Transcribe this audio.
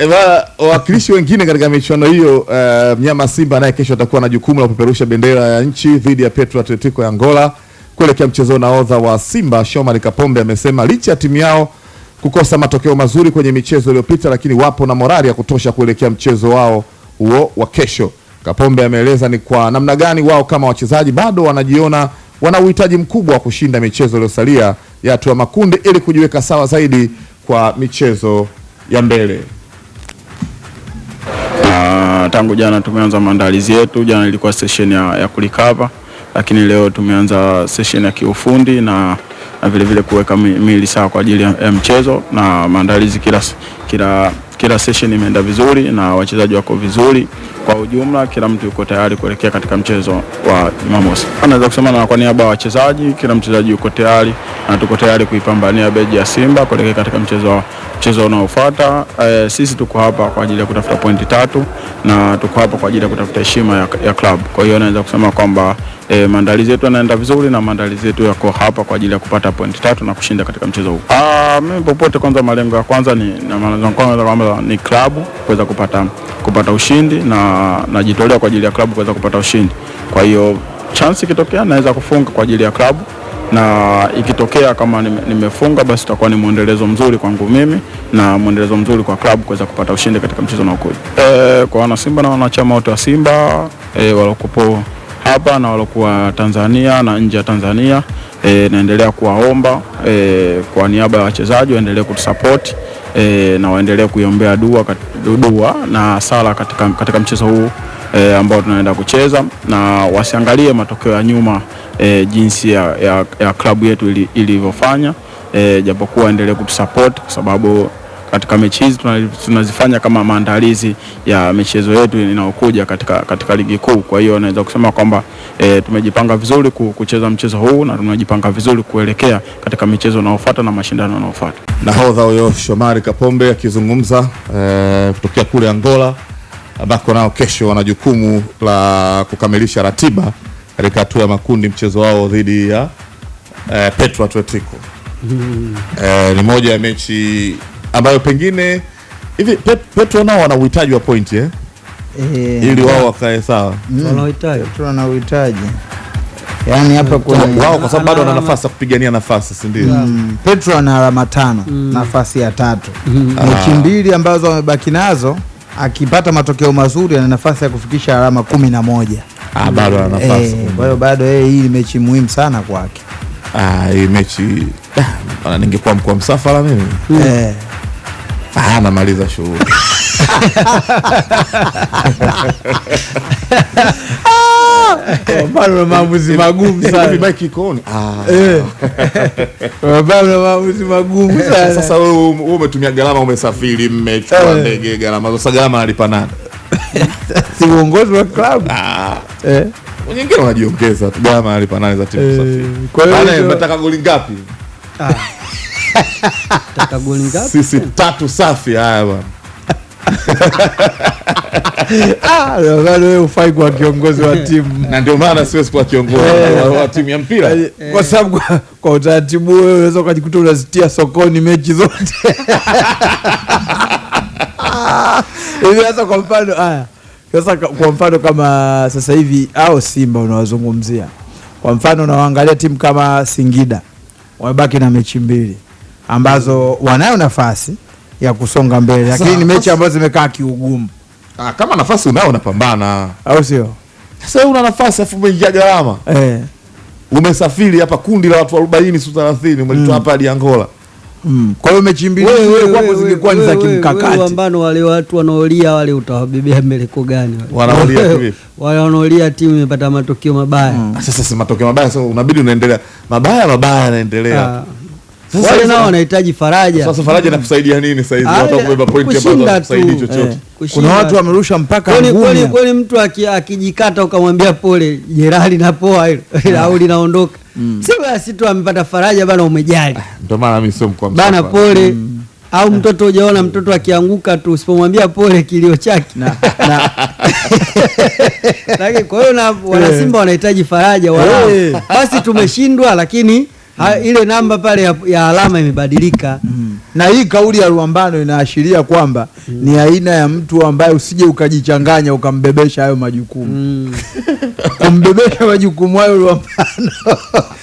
Eva, wawakilishi wengine katika michuano hiyo uh, mnyama Simba naye kesho atakuwa na jukumu la kupeperusha bendera ya nchi dhidi ya Petro Atletico ya Angola kuelekea mchezo nahodha wa Simba Shomari Kapombe amesema licha ya timu yao kukosa matokeo mazuri kwenye michezo iliyopita, lakini wapo na morali ya kutosha kuelekea mchezo wao huo wa kesho. Kapombe ameeleza ni kwa namna gani wao kama wachezaji bado wanajiona wana uhitaji mkubwa wa kushinda michezo iliyosalia ya hatua makundi ili kujiweka sawa zaidi kwa michezo ya mbele. Ah, tangu jana tumeanza maandalizi yetu. Jana ilikuwa session ya, ya kulikava, lakini leo tumeanza session ya kiufundi na na vilevile kuweka miili sawa kwa ajili ya mchezo na maandalizi. Kila, kila, kila session imeenda vizuri na wachezaji wako vizuri kwa ujumla, kila mtu yuko tayari kuelekea katika mchezo wa Jumamosi. Anaweza kusema na kwa niaba ya wachezaji, kila mchezaji yuko tayari na tuko tayari kuipambania beji ya Simba kuelekea katika mchezo mchezo unaofuata. E, sisi tuko hapa kwa ajili ya kutafuta pointi tatu na tuko hapa kwa ajili ya kutafuta heshima ya, ya club. Kwa hiyo naweza kusema kwamba e, maandalizi yetu yanaenda vizuri na maandalizi yetu yako hapa kwa ajili ya kupata pointi tatu na kushinda katika mchezo huu. Ah, mimi popote, kwanza malengo ya kwanza ni na malengo kwanza kwamba ni club kuweza kupata kupata ushindi na najitolea kwa ajili ya club kuweza kupata ushindi. Kwa hiyo chance ikitokea naweza kufunga kwa ajili ya klabu na ikitokea kama nimefunga basi itakuwa ni mwendelezo mzuri kwangu mimi na mwendelezo mzuri kwa klabu kuweza kupata ushindi katika mchezo unaokuja. E, kwa wanasimba na wanachama wote wa Simba e, walokupo hapa na walokuwa Tanzania na nje ya Tanzania e, naendelea kuwaomba e, kwa niaba ya wachezaji waendelee kutusapoti e, na waendelee kuiombea dua, dua na sala katika, katika mchezo huu e, ambao tunaenda kucheza na wasiangalie matokeo ya nyuma e, jinsi ya, ya, ya klabu yetu ilivyofanya ili eh, e, japokuwa endelee kutusupport kwa sababu katika mechi hizi tunazifanya kama maandalizi ya michezo yetu inayokuja katika, katika ligi kuu. Kwa hiyo naweza kusema kwamba e, tumejipanga vizuri kucheza mchezo huu na tumejipanga vizuri kuelekea katika michezo inayofuata na mashindano yanayofuata. Nahodha huyo Shomari Kapombe akizungumza e, kutokea kule Angola ambako nao kesho wana jukumu la kukamilisha ratiba katika hatua ya makundi mchezo wao dhidi ya eh, Petro Atletico mm. Eh, ni moja ya mechi ambayo pengine hivi pet, Petro nao wana uhitaji wa pointi eh? eh? ili wao wakae sawa mm. Wana uhitaji yani hapa mm. kuna wao kwa sababu bado wana nafasi ya kupigania nafasi, si ndio? mm. Petro ana alama tano mm. nafasi ya tatu mm. Ah. mechi mbili ambazo wamebaki nazo, akipata matokeo mazuri ana nafasi ya kufikisha alama kumi na moja. Ah, bado ana eh, nafasi. Kwa hiyo bado yeye, eh, hii mechi muhimu sana kwake. Ah, hii mechi ah, ningekuwa mkuu wa msafara mimi eh. Ah, namaliza shughuli Mabano maamuzi magumu yaani sana. Ah. Eh. maamuzi magumu sana. Sasa wewe umetumia gharama, umesafiri, mmechukua ndege, gharama. Sasa gharama nalipa nani? si uongozi wa klabu ah. eh. wanajiongeza tu gama alipa za timu eh, safi. Kwa hiyo goli ngapi? Ah. goli ngapi? Sisi tatu safi haya bwana. Ah, wewe ufai kwa kiongozi wa timu na ndio maana siwezi kuwa kiongozi eh. wa timu ya mpira eh. kwa sababu kwa utaratibu wewe unaweza ukajikuta unazitia sokoni mechi zote. hivi sasa kwa mfano haya sasa kwa mfano kama sasa hivi au Simba unawazungumzia kwa mfano, unaangalia timu kama Singida wamebaki na mechi mbili ambazo wanayo nafasi ya kusonga mbele, lakini ni mechi ambazo zimekaa kiugumu. Ah, kama nafasi unao unapambana, au sio? Sasa una nafasi afu umeingia gharama eh, umesafiri hapa kundi la watu 40 30 umelitoa mm. hapa hadi Angola Mm. Kwa hiyo mechi mbili zile kwapo zingekuwa ni za kimkakati. Pambano wale watu wanaolia wale utawabebea mbeleko gani? Wanaolia tu. Wale wanaolia timu imepata matokeo mabaya. Mm. Ah, sasa si matokeo mabaya sasa so unabidi unaendelea. Mabaya mabaya yanaendelea. Ah. Sasa wale nao wanahitaji faraja. Sasa faraja inakusaidia nini sasa hizi? Ah, Watakubeba pointi ambazo kusaidia chochote. Eh, Kuna watu wamerusha mpaka ngumi. kweli kweli, mtu akijikata ukamwambia pole, Jerali na poa hilo. Au linaondoka mm. si basi tu amepata faraja bana, umejali ah, ndio maana mimi sio mkwamsa bana, pole mm. au mtoto hujaona mtoto akianguka tu usipomwambia pole kilio chake na, na. Lakini kwa hiyo na wanasimba eh. wanahitaji faraja wao eh. basi tumeshindwa, lakini ha, ile namba pale ya, ya alama imebadilika mm na hii kauli ya Ruambano inaashiria kwamba mm. ni aina ya mtu ambaye usije ukajichanganya ukambebesha hayo majukumu mm. kumbebesha majukumu hayo Ruambano